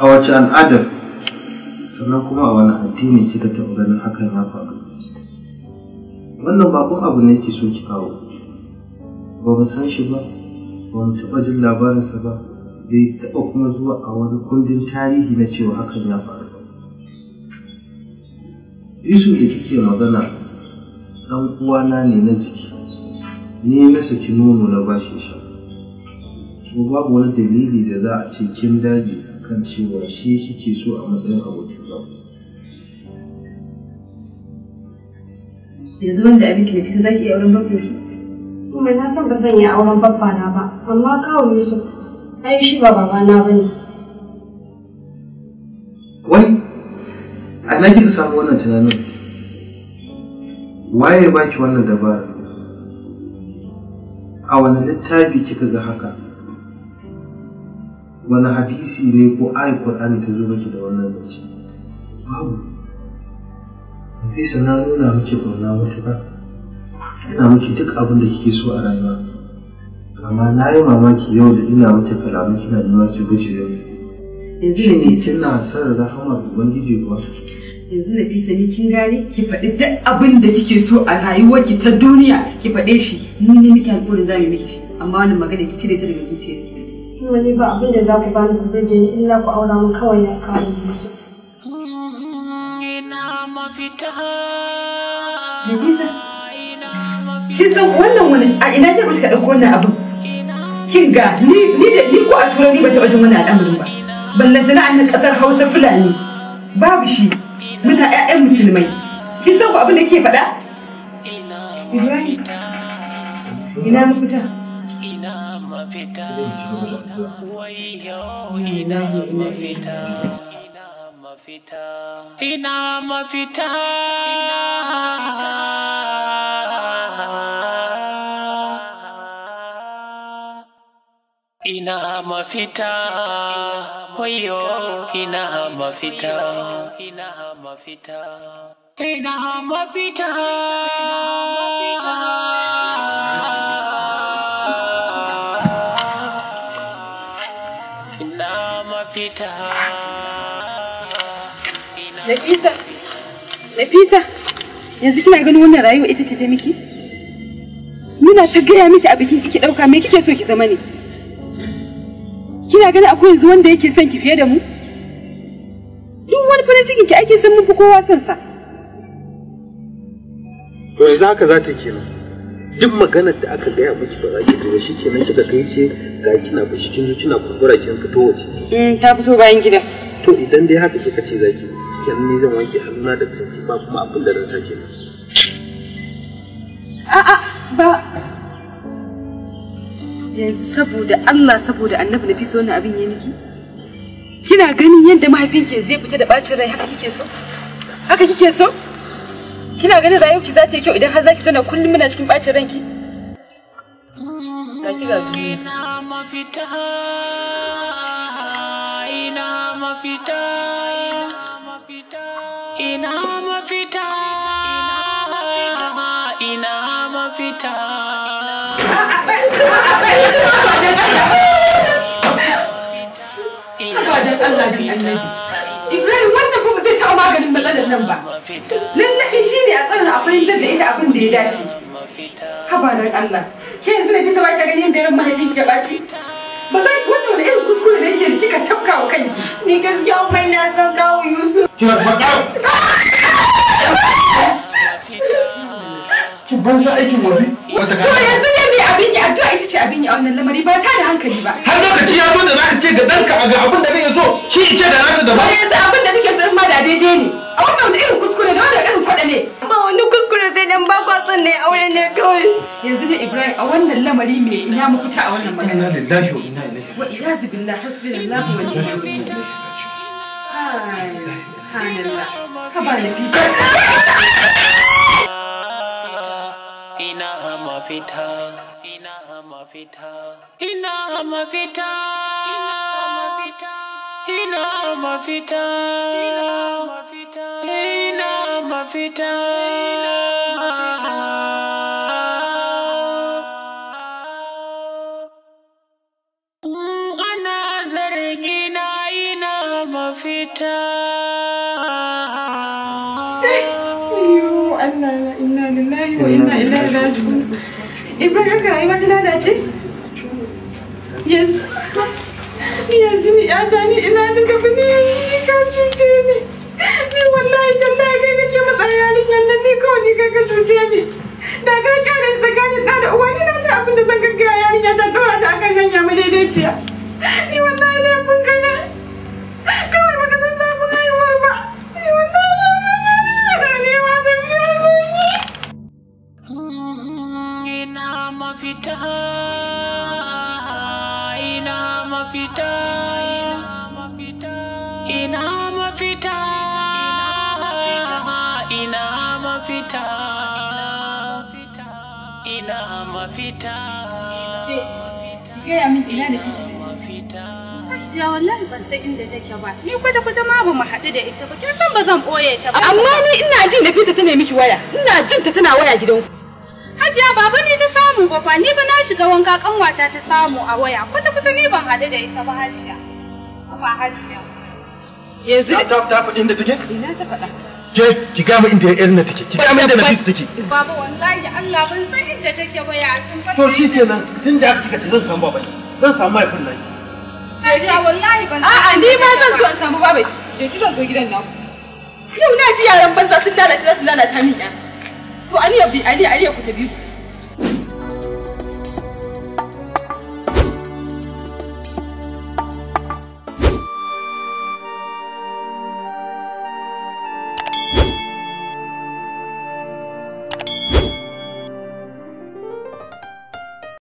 a wace al'adar sannan kuma a wani addini kika taɓa ganin hakan ya faru wannan bakon abu ne ke so ki kawo ba mu san shi ba ba mu taɓa jin labarinsa ba bai taɓa kuma zuwa a wani kundin tarihi na cewa hakan ya faru ba yusuf da kike magana ɗan uwana ne na jiki ni na saki nono na bashi sha so babu wani dalili da za a ce kin dage kan cewa shi kike so a matsayin abokin zama yanzu wanda abin ke da za ki iya auren babban ki kuma na san ba zan yi auren babba na ba amma kawo su ai shi ba baba na bane wai a ina kika samu wannan tunanin waye ya baki wannan dabara a wani littafi kika ga haka wani hadisi ne ko ayi qur'ani ta zo miki da wannan lokaci babu Nafisa na nuna miki ƙauna matuƙa, ina miki duk abin da kike so a rayuwa. Amma na yi mamaki yau da ina miki kalamu kina nuna ki guje yau. Yanzu Nafisa. Kina son rahamar Ubangiji kuwa. Yanzu bisa ni kin gane ki faɗi duk abin da kike so a rayuwarki ta duniya ki faɗe shi ni ne miki alƙawarin za mu miki shi amma wannan magana ki cire ta daga zuciyarki. wani ba abin da za ku bani ku burge ni illa ku aura mu kawai ya kawo Yusuf. Ina mafita. Kin san wannan wani a ina ke ka ɗauko wannan abin? Kin ga ni ni da ni ko a turai ni ba taɓa jin wani al'amarin ba. Ballantana a nan ƙasar Hausa Fulani babu shi muna 'ya'yan musulmai. Kin san ku abin da ke faɗa? Ibrahim ina mafita. mafita wayo ina mafita ina mafita ina mafita wayo ina mafita ina mafita ina mafita mafita Nafisa Nafisa yanzu kina ganin wannan rayuwa ita ce ta miki muna ta gaya miki a bikin kike dauka me kike so ki zama ne kina ganin akwai yanzu wanda yake son ki fiye da mu duk wani farin cikin ki ake son mun fi kowa son sa to yanzu haka za ta kenan duk maganar da aka gaya miki ba za ki ji ba shi kenan kika kai ce ga kina shi kin kina kumbura kin fito waje mm ta fito bayan gida to idan dai haka kika ce zaki kenan ni zan wanke hannuna da kanki ba kuma abin da zan sake miki a a ba yanzu saboda Allah saboda Annabi na so wannan abin ya miki kina ganin yadda mahaifinki zai fita da bacin rai haka kike so haka kike so kina ganin rayuwar ki za ta yi kyau idan har zaki ki zauna kullum muna cikin bacin ranki ta kira ki ina mafita ina mafita ina mafita ina mafita ina mafita kadar nan ba lallabi shi ne a tsarin a fahimtar da ita abin da ya dace haba don Allah ke yanzu na fi sawa ki gani yadda ran mahaifin ki ya ɓaci ba za ki wannan wani irin kuskure da yake da kika tafka wa kanki ni gaskiya mai na san dawo Yusuf ki faɗa ki ban sa aikin wani? wata to yanzu ne mai abin ya addu'a ita ce abin ya wannan lamari ba ta da hankali ba har lokaci ya zo da za ka ce ga danka a ga abin da zai so shi ce da nasu da ba lamari me ina mu kuta a wannan magana. Ina Inna lillahi wa ina ilaihi. Wa iyazu billahi hasbunallahu wa ni'mal wakeel. Subhanallah. Ka ba ni Ina ma fita. Ina ma fita. Ina ma fita. Ina ma fita. Ina mafita. Ina mafita. ta Ibrahim ka rayuwa ta lalace? Yanzu yanzu ni ni ina ta gaba ni yanzu ka cuce ni. Ni wallahi kai kake matsa ni kawai ni kai ka cuce ni. Da ka tsakanin da uwa ni na abin da zan gaggaya yarinya ta dora ta akan hanya madaidaiciya. mafita ina mafita ina mafita ina mafita ina mafita gaya min ina da mafita Asiya wallahi ban san inda take ba ni kwata kwata ma ba mu haɗu da ita ba kin san ba zan boye ta ba amma ni ina jin da Fisa ta nemi miki waya ina jin ta tana waya gidanku Hajiya baba ne ta sa samu ba fa ni ba na shiga wanka kanwata ta samu a waya kwata kwata ni ban hadu da ita ba hajiya ba hajiya yanzu ta ta fadin da take ina ta fada ke ki ga mu inda yar na take ki ga mu inda nafis take baba wallahi Allah ban san inda take ba ya sun fada to shikenan tunda aka kika ce zan samu baba zan samu mai kullai hajiya wallahi ban a'a ni ma zan zo samu baba je ki zo gidan naku yau na ji yaran banza sun lalace sun lalata min ya to aliya bi aliya aliya ku ta biyu